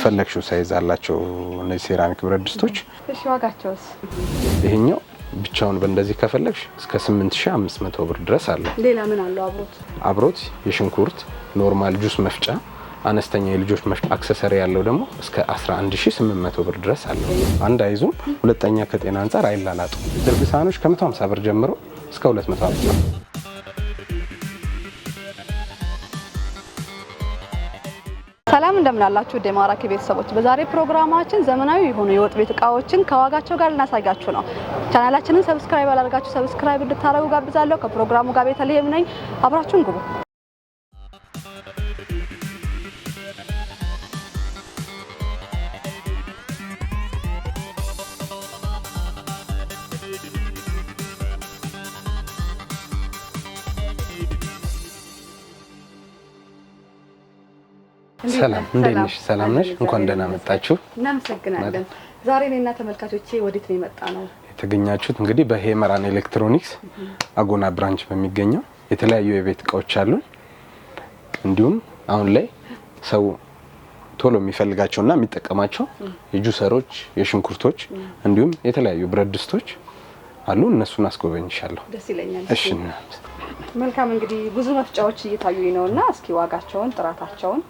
የፈለግሽው ሳይዝ አላቸው እነዚህ ሴራሚክ ብረት ድስቶች። እሺ ዋጋቸውስ? ይሄኛው ብቻውን በእንደዚህ ከፈለግሽ እስከ 8500 ብር ድረስ አለ። ሌላ ምን አለው አብሮት? አብሮት የሽንኩርት ኖርማል ጁስ መፍጫ አነስተኛ የልጆች መፍጫ አክሰሰሪ ያለው ደግሞ እስከ 11800 ብር ድረስ አለው። አንድ አይዙም፣ ሁለተኛ ከጤና አንጻር አይላላጡ። ድርብ ሳህኖች ከ150 ብር ጀምሮ እስከ 250 ብር ሰላም እንደምን አላችሁ ውድ የማራኪ ቤተሰቦች፣ በዛሬ ፕሮግራማችን ዘመናዊ የሆኑ የወጥ ቤት እቃዎችን ከዋጋቸው ጋር ልናሳያችሁ ነው። ቻናላችንን ሰብስክራይብ አላደርጋችሁ ሰብስክራይብ እንድታደርጉ ጋብዛለሁ። ከፕሮግራሙ ጋር ቤተልሔም ነኝ። አብራችሁን ግቡ። ሰላም፣ እንዴት ነሽ? ሰላም ነሽ? እንኳን ደህና መጣችሁ። እናመሰግናለን። ዛሬ እኔና ተመልካቾቼ ወዴት ነው የመጣ ነው? የተገኛችሁት እንግዲህ በሄመራን ኤሌክትሮኒክስ አጎና ብራንች በሚገኘው የተለያዩ የቤት እቃዎች አሉን። እንዲሁም አሁን ላይ ሰው ቶሎ የሚፈልጋቸውና የሚጠቀማቸው የጁሰሮች፣ የሽንኩርቶች እንዲሁም የተለያዩ ብረት ድስቶች አሉ። እነሱን አስጎበኝሻለሁ። ደስ ይለኛል። እሺ፣ መልካም። እንግዲህ ብዙ መፍጫዎች እየታዩ ነው እና እስኪ ዋጋቸውን፣ ጥራታቸውን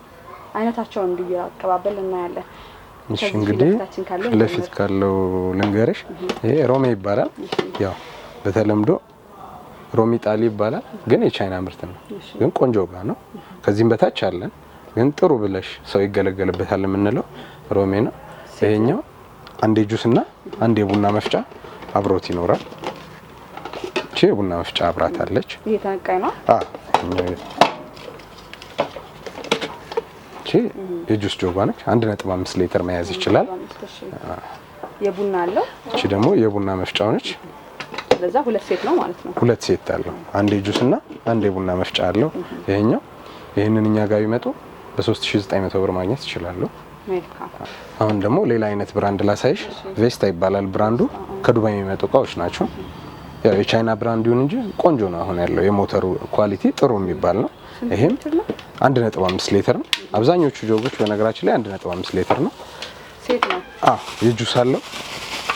አይነታቸውን እንዲያቀባበል እናያለን። እሺ እንግዲህ ፊት ለፊት ካለው ልንገርሽ፣ ይሄ ሮሚ ይባላል። ያው በተለምዶ ሮሚ ጣሊ ይባላል፣ ግን የቻይና ምርት ነው። ግን ቆንጆ ጋ ነው። ከዚህም በታች አለን፣ ግን ጥሩ ብለሽ ሰው ይገለገልበታል የምንለው ሮሚ ነው። ይሄኛው አንድ ጁስ እና አንድ የቡና መፍጫ አብሮት ይኖራል። ቼ የቡና መፍጫ አብራት አለች። ይቺ የጁስ ጆባ ነች። አንድ ነጥብ አምስት ሊትር መያዝ ይችላል። የቡና አለው። እቺ ደግሞ የቡና መፍጫው ነች። ለዛ ሁለት ሴት ነው ማለት ነው። ሁለት ሴት አለው። አንድ የጁስ እና አንድ የቡና መፍጫ አለው ይሄኛው። ይህንን እኛ ጋር ቢመጡ በ3900 ብር ማግኘት ይችላሉ። አሁን ደግሞ ሌላ አይነት ብራንድ ላሳይሽ። ቬስታ ይባላል ብራንዱ። ከዱባይ የሚመጡ እቃዎች ናቸው። ያው የቻይና ብራንድ ይሁን እንጂ ቆንጆ ነው። አሁን ያለው የሞተሩ ኳሊቲ ጥሩ የሚባል ነው። ይሄም አንድ ነጥብ አምስት ሊትር ነው። አብዛኞቹ ጆጎች በነገራችን ላይ 1.5 ሊትር ነው። ሴት ነው። አ የጁስ አለው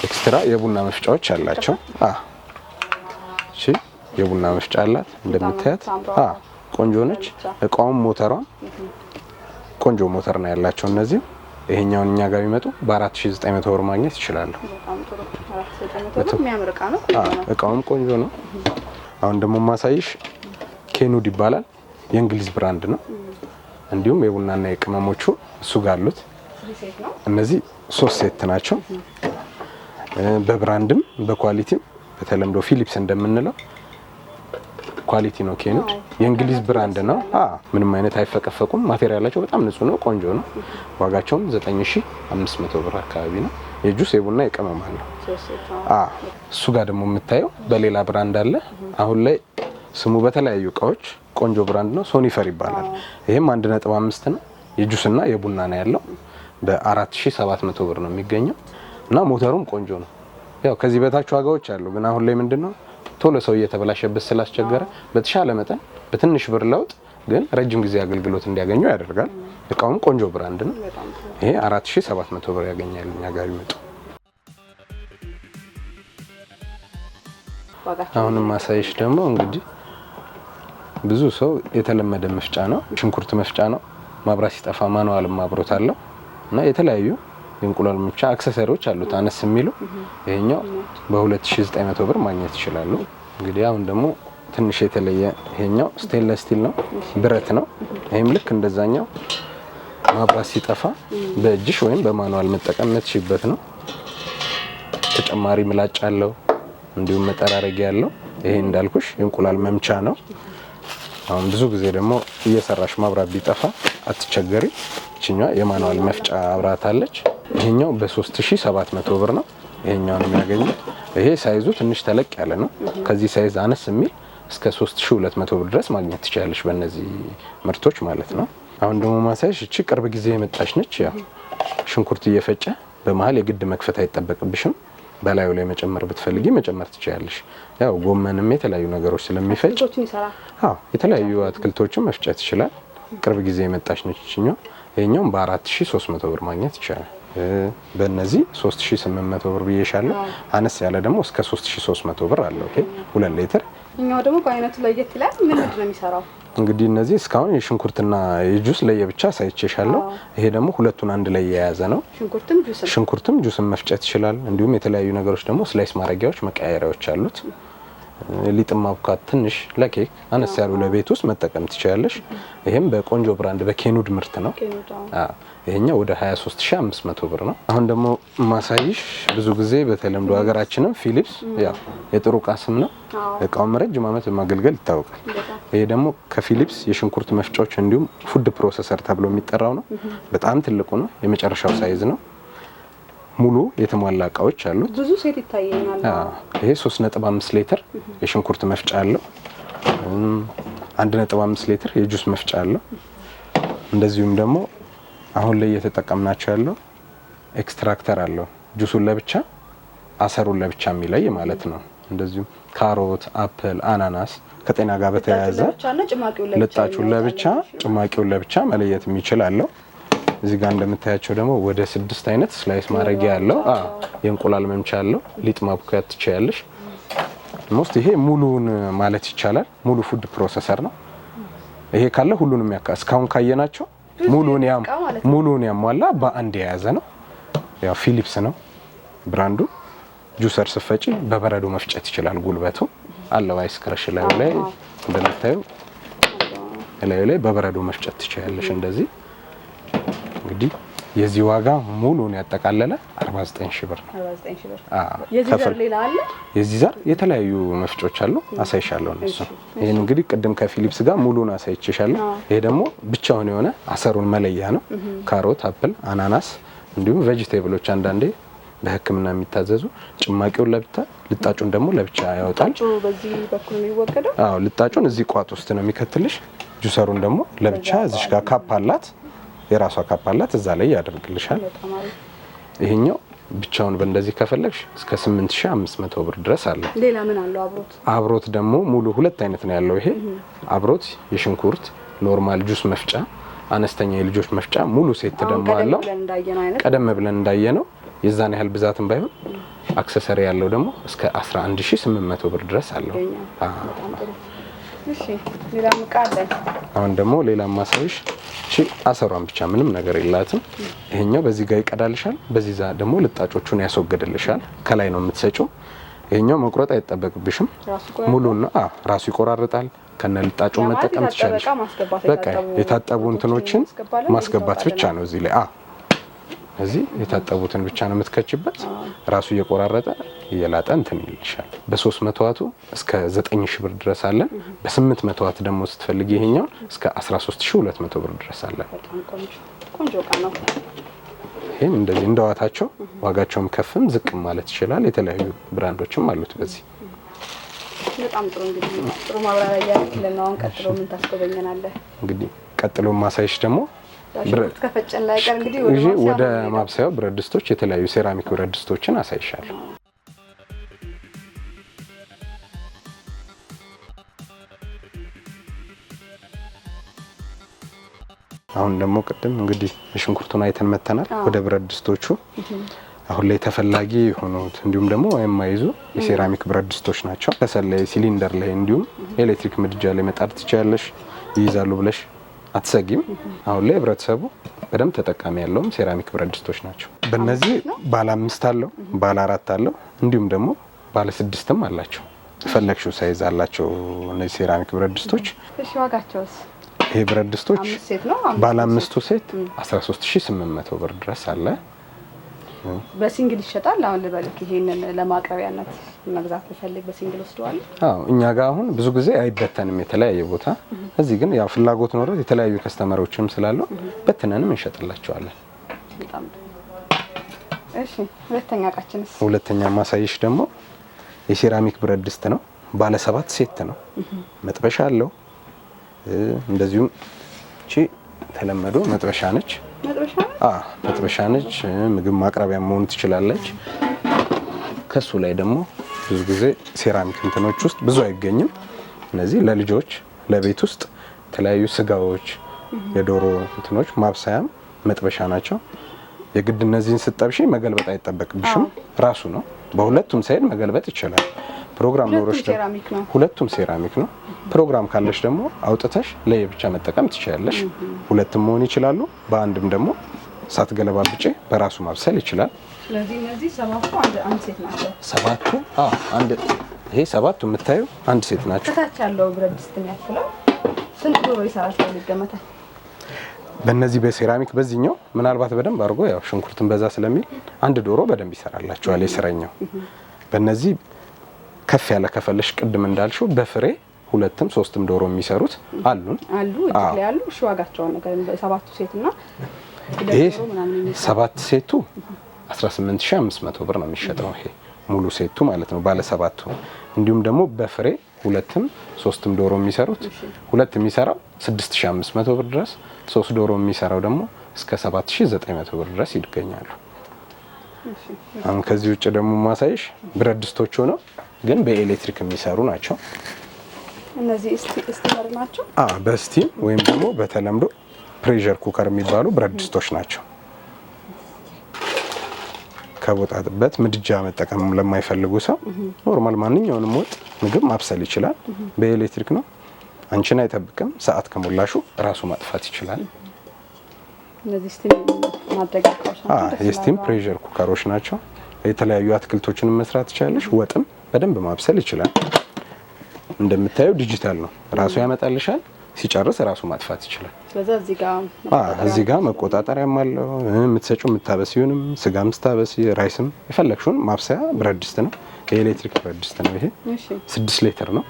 ኤክስትራ የቡና መፍጫዎች አላቸው። እሺ፣ የቡና መፍጫ አላት እንደምታያት። አ ቆንጆ ነች። እቃውም ሞተሯም ቆንጆ ሞተር ነው ያላቸው እነዚህ። ይሄኛውን እኛ ጋር ቢመጡ በ4900 ብር ማግኘት ይችላሉ። እቃውም ቆንጆ ነው። አሁን ደግሞ ማሳይሽ ኬኑድ ይባላል የእንግሊዝ ብራንድ ነው። እንዲሁም የቡናና የቅመሞቹ እሱ ጋር አሉት። እነዚህ ሶስት ሴት ናቸው። በብራንድም በኳሊቲም በተለምዶ ፊሊፕስ እንደምንለው ኳሊቲ ነው። ኬኑድ የእንግሊዝ ብራንድ ነው። ምንም አይነት አይፈቀፈቁም። ማቴሪያላቸው በጣም ንጹህ ነው፣ ቆንጆ ነው። ዋጋቸውም 9500 ብር አካባቢ ነው። የጁስ የቡና የቅመም አለው። እሱ ጋር ደግሞ የምታየው በሌላ ብራንድ አለ አሁን ላይ ስሙ በተለያዩ እቃዎች ቆንጆ ብራንድ ነው። ሶኒፈር ይባላል። ይህም አንድ ነጥብ አምስት ነው። የጁስና የቡና ነው ያለው። በ4700 ብር ነው የሚገኘው እና ሞተሩም ቆንጆ ነው። ያው ከዚህ በታች ዋጋዎች አሉ፣ ግን አሁን ላይ ነው ቶሎ ሰው እየተበላሸበት ስላስቸገረ በተሻለ መጠን በትንሽ ብር ለውጥ ግን ረጅም ጊዜ አገልግሎት እንዲያገኙ ያደርጋል። እቃውም ቆንጆ ብራንድ ነው። ይሄ 4700 ብር ያገኛል እኛ ጋር ይመጡ። አሁንም ማሳየሽ ደግሞ እንግዲህ ብዙ ሰው የተለመደ መፍጫ ነው፣ ሽንኩርት መፍጫ ነው። ማብራት ሲጠፋ ማንዋልም አብሮት አለው እና የተለያዩ የእንቁላል መፍጫ አክሰሰሪዎች አሉት አነስ የሚሉ ይሄኛው በ2900 ብር ማግኘት ይችላሉ። እንግዲህ አሁን ደግሞ ትንሽ የተለየ ይሄኛው ስቴንለስ ስቲል ነው፣ ብረት ነው። ይህም ልክ እንደዛኛው ማብራት ሲጠፋ በእጅሽ ወይም በማንዋል መጠቀም የምትችይበት ነው። ተጨማሪ ምላጭ አለው፣ እንዲሁም መጠራረጊያ አለው። ይሄ እንዳልኩሽ የእንቁላል መምቻ ነው። አሁን ብዙ ጊዜ ደግሞ እየሰራሽ ማብራት ቢጠፋ አትቸገሪ። ይችኛ የማንዋል መፍጫ አብራት አለች። ይሄኛው በ3700 ብር ነው። ነው የሚያገኙት ይሄ ሳይዙ ትንሽ ተለቅ ያለ ነው። ከዚህ ሳይዝ አነስ የሚል እስከ 3200 ብር ድረስ ማግኘት ትችላለች በእነዚህ ምርቶች ማለት ነው። አሁን ደግሞ ማሳያሽ እቺ ቅርብ ጊዜ የመጣች ነች። ያው ሽንኩርት እየፈጨ በመሀል የግድ መክፈት አይጠበቅብሽም። በላዩ ላይ መጨመር ብትፈልጊ መጨመር ትችያለሽ። ያው ጎመንም የተለያዩ ነገሮች ስለሚፈጭ አዎ የተለያዩ አትክልቶችን መፍጨት ይችላል። ቅርብ ጊዜ የመጣች ነች ይችኛው። ይሄኛውም በ4300 ብር ማግኘት ይቻላል። በእነዚህ 3800 ብር ብዬሻለሁ። አነስ ያለ ደግሞ እስከ 3300 ብር አለ። ኦኬ 2 እኛው ደግሞ በአይነቱ ለየት ይላል። ምን ምንድን ነው የሚሰራው? እንግዲህ እነዚህ እስካሁን የሽንኩርትና የጁስ ለየብቻ ሳይቼሻለሁ። ይሄ ደግሞ ሁለቱን አንድ ላይ የያዘ ነው። ሽንኩርትም ጁስን መፍጨት ይችላል። እንዲሁም የተለያዩ ነገሮች ደግሞ ስላይስ ማረጊያዎች መቀያየሪያዎች አሉት። ሊጥም ማቡካት ትንሽ ለኬክ አነስ ያሉ ለቤት ውስጥ መጠቀም ትችላለሽ። ይሄም በቆንጆ ብራንድ በኬኑድ ምርት ነው። ይሄኛው ወደ 23500 ብር ነው። አሁን ደግሞ ማሳይሽ ብዙ ጊዜ በተለምዶ ሀገራችንም ፊሊፕስ ያ የጥሩ እቃ ስም ነው። እቃውም ረጅም ዓመት በማገልገል ይታወቃል። ይሄ ደግሞ ከፊሊፕስ የሽንኩርት መፍጫዎች እንዲሁም ፉድ ፕሮሰሰር ተብሎ የሚጠራው ነው። በጣም ትልቁ ነው። የመጨረሻው ሳይዝ ነው። ሙሉ የተሟላ እቃዎች አሉ። ብዙ ሴት ይታየኛል። ይሄ አምስት ሊትር የሽንኩርት መፍጫ አለው። አንድ ነጥብ አምስት ሊትር የጁስ መፍጫ አለው። እንደዚሁም ደግሞ አሁን ላይ እየተጠቀምናቸው ያለው ኤክስትራክተር አለው። ጁሱን ለብቻ አሰሩን ለብቻ የሚለይ ማለት ነው። እንደዚሁም ካሮት፣ አፕል፣ አናናስ ከጤና ጋር በተያያዘ ልጣጩን ለብቻ ጭማቂውን ለብቻ መለየት የሚችል አለው። እዚህ ጋር እንደምታያቸው ደግሞ ወደ ስድስት አይነት ስላይስ ማድረጊያ ያለው የእንቁላል መምቻ አለው። ሊጥ ማቡካያ ትችያለሽ። ሞስት ይሄ ሙሉውን ማለት ይቻላል ሙሉ ፉድ ፕሮሰሰር ነው። ይሄ ካለ ሁሉንም ያካ እስካሁን ካየናቸው ሙሉን ያሟላ በአንድ የያዘ ነው። ያው ፊሊፕስ ነው ብራንዱ። ጁሰር ስፈጪ በበረዶ መፍጨት ይችላል። ጉልበቱ አለው። አይስ ክረሽ ላዩ ላይ እንደምታዩ ላዩ ላይ በበረዶ መፍጨት ትችያለሽ እንደዚህ እንግዲህ የዚህ ዋጋ ሙሉን ያጠቃለለ 49 ሺህ ብር ነው። የዚህ ዘር የተለያዩ መፍጮች አሉ፣ አሳይሻለሁ እነሱ። ይህን እንግዲህ ቅድም ከፊሊፕስ ጋር ሙሉን አሳይቼሻለሁ። ይሄ ደግሞ ብቻውን የሆነ አሰሩን መለያ ነው። ካሮት፣ አፕል፣ አናናስ እንዲሁም ቬጂቴብሎች አንዳንዴ በሕክምና የሚታዘዙ ጭማቂውን ለብቻ ልጣጩን ደግሞ ለብቻ ያወጣል። ልጣጩን እዚህ ቋጥ ውስጥ ነው የሚከትልሽ። ጁሰሩን ደግሞ ለብቻ እዚሽ ጋር ካፕ አላት የራሷ ካፕ አላት እዛ ላይ ያደርግልሻል። ይሄኛው ብቻውን በእንደዚህ ከፈለግሽ እስከ 8500 ብር ድረስ አለ። ሌላ ምን አለው አብሮት? አብሮት ደግሞ ሙሉ ሁለት አይነት ነው ያለው። ይሄ አብሮት የሽንኩርት ኖርማል ጁስ መፍጫ፣ አነስተኛ የልጆች መፍጫ ሙሉ ሴት ደግሞ አለው። ቀደም ብለን እንዳየነው የዛን ያህል ብዛትም ባይሆን አክሰሰሪ ያለው ደግሞ እስከ 11800 ብር ድረስ አለው። አሁን ደግሞ ሌላ ማሳይሽ። እሺ አሰሯን ብቻ ምንም ነገር የላትም። ይሄኛው በዚህ ጋር ይቀዳልሻል፣ በዚህ ዛ ደግሞ ልጣጮቹን ያስወግድልሻል። ከላይ ነው የምትሰጪው። ይሄኛው መቁረጥ አይጠበቅብሽም። ሙሉ ነው ራሱ ይቆራርጣል። ከነ ልጣጩ መጠቀም ትችላለሽ። በቃ የታጠቡ እንትኖችን ማስገባት ብቻ ነው እዚህ ላይ እዚህ የታጠቡትን ብቻ ነው የምትከችበት። ራሱ እየቆራረጠ እየላጠ እንትን ይልሻል። በሶስት መቶ ዋቱ እስከ ዘጠኝ ሺ ብር ድረስ አለን። በስምንት መቶ ዋት ደግሞ ስትፈልግ ይሄኛው እስከ አስራ ሶስት ሺ ሁለት መቶ ብር ድረስ አለን። ይህም እንደዚህ እንደዋታቸው ዋጋቸውም ከፍም ዝቅም ማለት ይችላል። የተለያዩ ብራንዶችም አሉት በዚህ በጣም ጥሩ እንግዲህ ጥሩ ማብራሪያ ያለ ነው። አሁን ቀጥሎ ምን ታስጎበኘናለህ? እንግዲህ ቀጥሎ ማሳይሽ ደግሞ ወደ ማብሰያው ብረት ድስቶች፣ የተለያዩ ሴራሚክ ብረት ድስቶችን አሳይሻለሁ። አሁን ደግሞ ቅድም እንግዲህ ሽንኩርቱን አይተን መተናል። ወደ ብረት ድስቶቹ አሁን ላይ ተፈላጊ የሆኑት እንዲሁም ደግሞ የማይዙ የሴራሚክ ብረት ድስቶች ናቸው። ከሰል ላይ፣ ሲሊንደር ላይ እንዲሁም ኤሌክትሪክ ምድጃ ላይ መጣድ ትችያለሽ። ይይዛሉ ብለሽ አትሰጊም። አሁን ላይ ህብረተሰቡ በደንብ ተጠቃሚ ያለውም ሴራሚክ ብረት ድስቶች ናቸው። በእነዚህ ባለ አምስት አለው፣ ባለ አራት አለው፣ እንዲሁም ደግሞ ባለ ስድስትም አላቸው። ፈለግሽው ሳይዝ አላቸው እነዚህ ሴራሚክ ብረት ድስቶች። ይህ ብረት ድስቶች ባለ አምስቱ ሴት 13800 ብር ድረስ አለ። በሲንግል ይሸጣል። አሁን ልበልክ ይሄንን ለማቅረቢያነት መግዛት ብፈልግ በሲንግል ወስደዋል። አዎ እኛ ጋር አሁን ብዙ ጊዜ አይበተንም የተለያየ ቦታ። እዚህ ግን ያው ፍላጎት ኖሮት የተለያዩ ከስተመሮችም ስላሉ በትነንም እንሸጥላቸዋለን። እሺ ሁለተኛ እቃችንስ? ሁለተኛ ማሳየሽ ደግሞ የሴራሚክ ብረት ድስት ነው። ባለ ሰባት ሴት ነው። መጥበሻ አለው። እንደዚሁም እቺ ተለመዶ መጥበሻ ነች። መጥበሻ ነች። ምግብ ማቅረቢያ መሆን ትችላለች። ከሱ ላይ ደግሞ ብዙ ጊዜ ሴራሚክ እንትኖች ውስጥ ብዙ አይገኝም። እነዚህ ለልጆች ለቤት ውስጥ የተለያዩ ስጋዎች፣ የዶሮ እንትኖች ማብሰያም መጥበሻ ናቸው። የግድ እነዚህን ስጠብሽ መገልበጥ አይጠበቅብሽም። ራሱ ነው በሁለቱም ሳይድ መገልበጥ ይችላል። ፕሮግራም ኖሮች ሁለቱም ሴራሚክ ነው። ፕሮግራም ካለሽ ደግሞ አውጥተሽ ለየብቻ መጠቀም ትችላለሽ። ሁለትም መሆን ይችላሉ። በአንድም ደግሞ ሳት ገለባ ሳትገለባብጪ በራሱ ማብሰል ይችላል። ስለዚህ እነዚህ ሰባቱ አንድ ሴት ናቸው። ሰባቱ አንድ ይሄ ሰባቱ የምታዩ አንድ ሴት ናቸው። ከታች ያለው ብረት ድስት የሚያክለው ስንት ዶሮ ይሰራል ይገመታል? በእነዚህ በሴራሚክ በዚህኛው ምናልባት በደንብ አድርጎ ያው ሽንኩርትን በዛ ስለሚል አንድ ዶሮ በደንብ ይሰራላችኋል የስረኛው በእነዚህ ከፍ ያለ ከፈለሽ ቅድም እንዳልሽው በፍሬ ሁለትም ሶስትም ዶሮ የሚሰሩት አሉን አሉ እጅ ላይ አሉ። እሺ ዋጋቸው ነው ሰባቱ ሴትና ይሄ ሰባት ሴቱ 18500 ብር ነው የሚሸጠው። ይሄ ሙሉ ሴቱ ማለት ነው ባለ ሰባቱ። እንዲሁም ደግሞ በፍሬ ሁለትም ሶስትም ዶሮ የሚሰሩት ሁለት የሚሰራው 6500 ብር ድረስ፣ ሶስት ዶሮ የሚሰራው ደግሞ እስከ 7900 ብር ድረስ ይገኛሉ። አሁን ከዚህ ውጭ ደግሞ ማሳይሽ ብረት ድስቶቹ ነው ግን በኤሌክትሪክ የሚሰሩ ናቸው። እነዚህ ስቲመር ናቸው። በስቲም ወይም ደግሞ በተለምዶ ፕሬሸር ኩከር የሚባሉ ብረት ድስቶች ናቸው። ከቦጣጥበት ምድጃ መጠቀም ለማይፈልጉ ሰው ኖርማል ማንኛውንም ወጥ ምግብ ማብሰል ይችላል። በኤሌክትሪክ ነው፣ አንቺን አይጠብቅም። ሰዓት ከሞላሹ ራሱ ማጥፋት ይችላል። የስቲም ፕሬር ኩከሮች ናቸው። የተለያዩ አትክልቶችን መስራት ትችላለች፣ ወጥም በደንብ ማብሰል ይችላል። እንደምታየው ዲጂታል ነው፣ ራሱ ያመጣልሻል። ሲጨርስ ራሱ ማጥፋት ይችላል። እዚህ ጋር መቆጣጠሪያም አለው። የምትሰጪው የምታበሲውንም ስጋ ስታበሲ ራይስም የፈለግሽውን ማብሰያ ብረት ድስት ነው። የኤሌክትሪክ ብረት ድስት ነው። ይሄ ስድስት ሌትር ነው።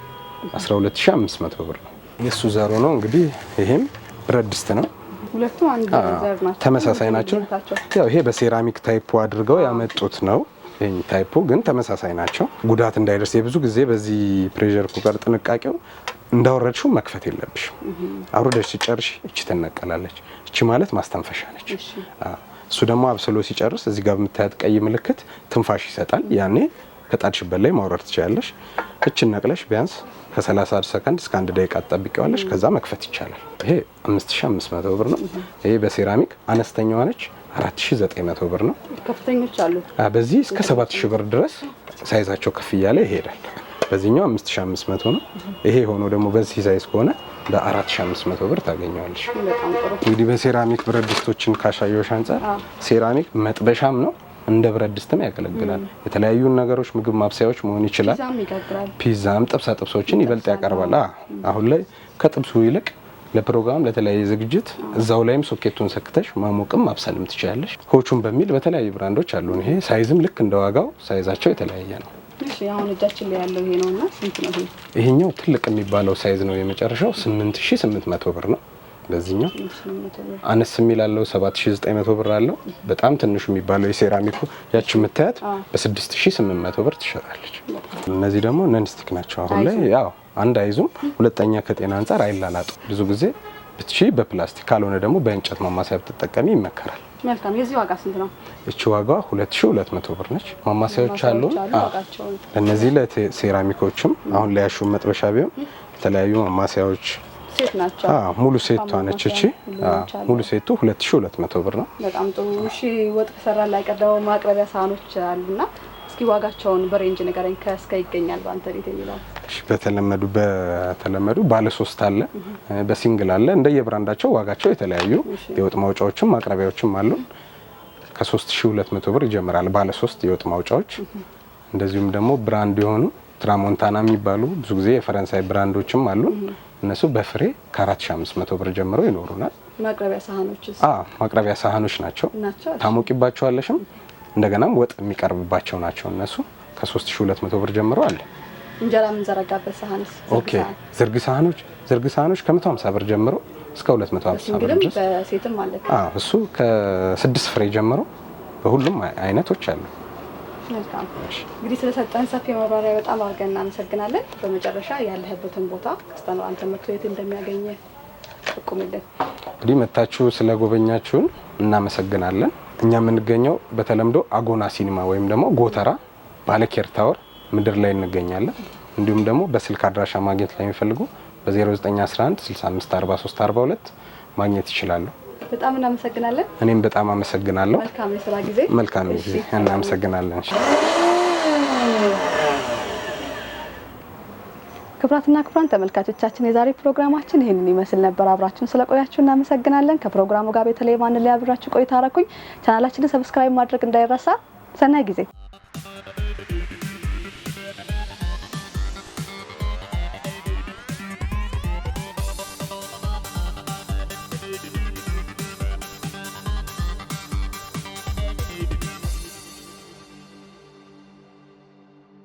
12500 ብር ነው። የእሱ ዘሮ ነው እንግዲህ። ይሄም ብረት ድስት ነው። ተመሳሳይ ናቸው። ያው ይሄ በሴራሚክ ታይፕ አድርገው ያመጡት ነው። ታይፑ ግን ተመሳሳይ ናቸው። ጉዳት እንዳይደርስ የብዙ ጊዜ በዚህ ፕሬር ኩከር ጥንቃቄው እንዳወረድሽው መክፈት የለብሽ። አውርደሽ ሲጨርሽ እች ትነቀላለች። እች ማለት ማስተንፈሻ ነች። እሱ ደግሞ አብስሎ ሲጨርስ እዚህ ጋር የምታያት ቀይ ምልክት ትንፋሽ ይሰጣል። ያኔ ከጣድሽበት ላይ ማውረድ ትችላለሽ። እችን ነቅለሽ ቢያንስ ከ30 ሰከንድ እስከ አንድ ደቂቃ ትጠብቂዋለሽ። ከዛ መክፈት ይቻላል። ይሄ 5500 ብር ነው። ይሄ በሴራሚክ አነስተኛዋ ነች። 4900 ብር ነው። ከፍተኞች አሉ። በዚህ እስከ 7000 ብር ድረስ ሳይዛቸው ከፍ እያለ ይሄዳል። በዚህኛው 5500 ነው። ይሄ ሆኖ ደግሞ በዚህ ሳይዝ ከሆነ በ4500 ብር ታገኘዋለሽ። እንግዲህ በሴራሚክ ብረት ድስቶችን ካሻየሁሽ አንጻር ሴራሚክ መጥበሻም ነው እንደ ብረት ድስትም ያገለግላል። የተለያዩ ነገሮች ምግብ ማብሰያዎች መሆን ይችላል። ፒዛም ጥብሳ ጥብሶችን ይበልጥ ያቀርባል። አሁን ላይ ከጥብሱ ይልቅ ለፕሮግራም ለተለያየ ዝግጅት እዛው ላይም ሶኬቱን ሰክተሽ ማሞቅም ማብሰልም ትችላለሽ። ሆቹን በሚል በተለያዩ ብራንዶች አሉን። ይሄ ሳይዝም ልክ እንደ ዋጋው ሳይዛቸው የተለያየ ነው። አሁን እጃችን ላይ ያለው ይሄ ስንት ነው? ይሄኛው ትልቅ የሚባለው ሳይዝ ነው። የመጨረሻው 8800 ብር ነው። ለዚህኛው አነስ የሚላለው 7900 ብር አለው። በጣም ትንሹ የሚባለው የሴራሚኩ ያቺ የምታያት በ6800 ብር ትሸጣለች። እነዚህ ደግሞ ነንስቲክ ናቸው። አሁን ላይ ያው አንድ አይዙም፣ ሁለተኛ ከጤና አንጻር አይላላጡ። ብዙ ጊዜ ብትሺ በፕላስቲክ ካልሆነ ደግሞ በእንጨት ማማሰያ ብትጠቀሚ ይመከራል። መልካም። የዚህ ዋጋ ስንት ነው? እቺ ዋጋ 2200 ብር ነች። ማማሰያዎች አሉ። እነዚህ ለሴራሚኮችም አሁን ላይ ያሹ መጥበሻ ቢሆን የተለያዩ ማማሰያዎች ሙሉ ሴቷ ነች እቺ። ሙሉ ሴቱ 2200 ብር ነው። በጣም ጥሩ። እሺ ወጥ ከሰራ ላይ ቀደመው ማቅረቢያ ሳህኖች አሉና እስኪ ዋጋቸውን በሬንጅ ንገረኝ። ከእስከ ይገኛል በአንተ ቤት የሚለው እሺ። በተለመዱ በተለመዱ ባለ ሶስት አለ፣ በሲንግል አለ። እንደ የብራንዳቸው ዋጋቸው የተለያዩ የወጥ ማውጫዎችም ማቅረቢያዎችም አሉ። ከ3200 ብር ይጀምራል ባለ ሶስት የወጥ ማውጫዎች። እንደዚሁም ደግሞ ብራንድ የሆኑ ትራሞንታና የሚባሉ ብዙ ጊዜ የፈረንሳይ ብራንዶችም አሉ። እነሱ በፍሬ ከአራት ሺህ አምስት መቶ ብር ጀምሮ ይኖሩናል። ማቅረቢያ ሳህኖች ናቸው። ታሞቂባቸዋለሽም እንደገናም ወጥ የሚቀርብባቸው ናቸው። እነሱ ከሶስት ሺህ ሁለት መቶ ብር ጀምሮ አለ። እንጀራ የምንዘረጋበት ሳህኖች ኦኬ፣ ዝርግ ሳህኖች ዝርግ ሳህኖች ከመቶ ሀምሳ ብር ጀምሮ እስከ 250 ብር ድረስ እሱ ከስድስት ፍሬ ጀምሮ በሁሉም አይነቶች አሉ። መልካም እንግዲህ ስለሰጠን ሰፊ ማብራሪያ በጣም አድርገን እናመሰግናለን። በመጨረሻ ያለህበትን ቦታ አንተ መቶ የት እንደሚያገኘ ጠቁምልን። እንግዲህ መታችሁ ስለጎበኛችሁን እናመሰግናለን። እኛ የምንገኘው በተለምዶ አጎና ሲኒማ ወይም ደግሞ ጎተራ ባለኬር ታወር ምድር ላይ እንገኛለን። እንዲሁም ደግሞ በስልክ አድራሻ ማግኘት ላይ የሚፈልጉ በ0911 6543 42 ማግኘት ይችላሉ። በጣም እናመሰግናለን። እኔም በጣም አመሰግናለሁ። መልካም የስራ ጊዜ። መልካም ጊዜ። እናመሰግናለን። ክብራትና ክብራን ተመልካቾቻችን የዛሬ ፕሮግራማችን ይህንን ይመስል ነበር። አብራችሁን ስለቆያችሁ እናመሰግናለን። ከፕሮግራሙ ጋር በተለይ ማን ሊያብራችሁ ቆይታ አረኩኝ። ቻናላችንን ሰብስክራይብ ማድረግ እንዳይረሳ። ሰናይ ጊዜ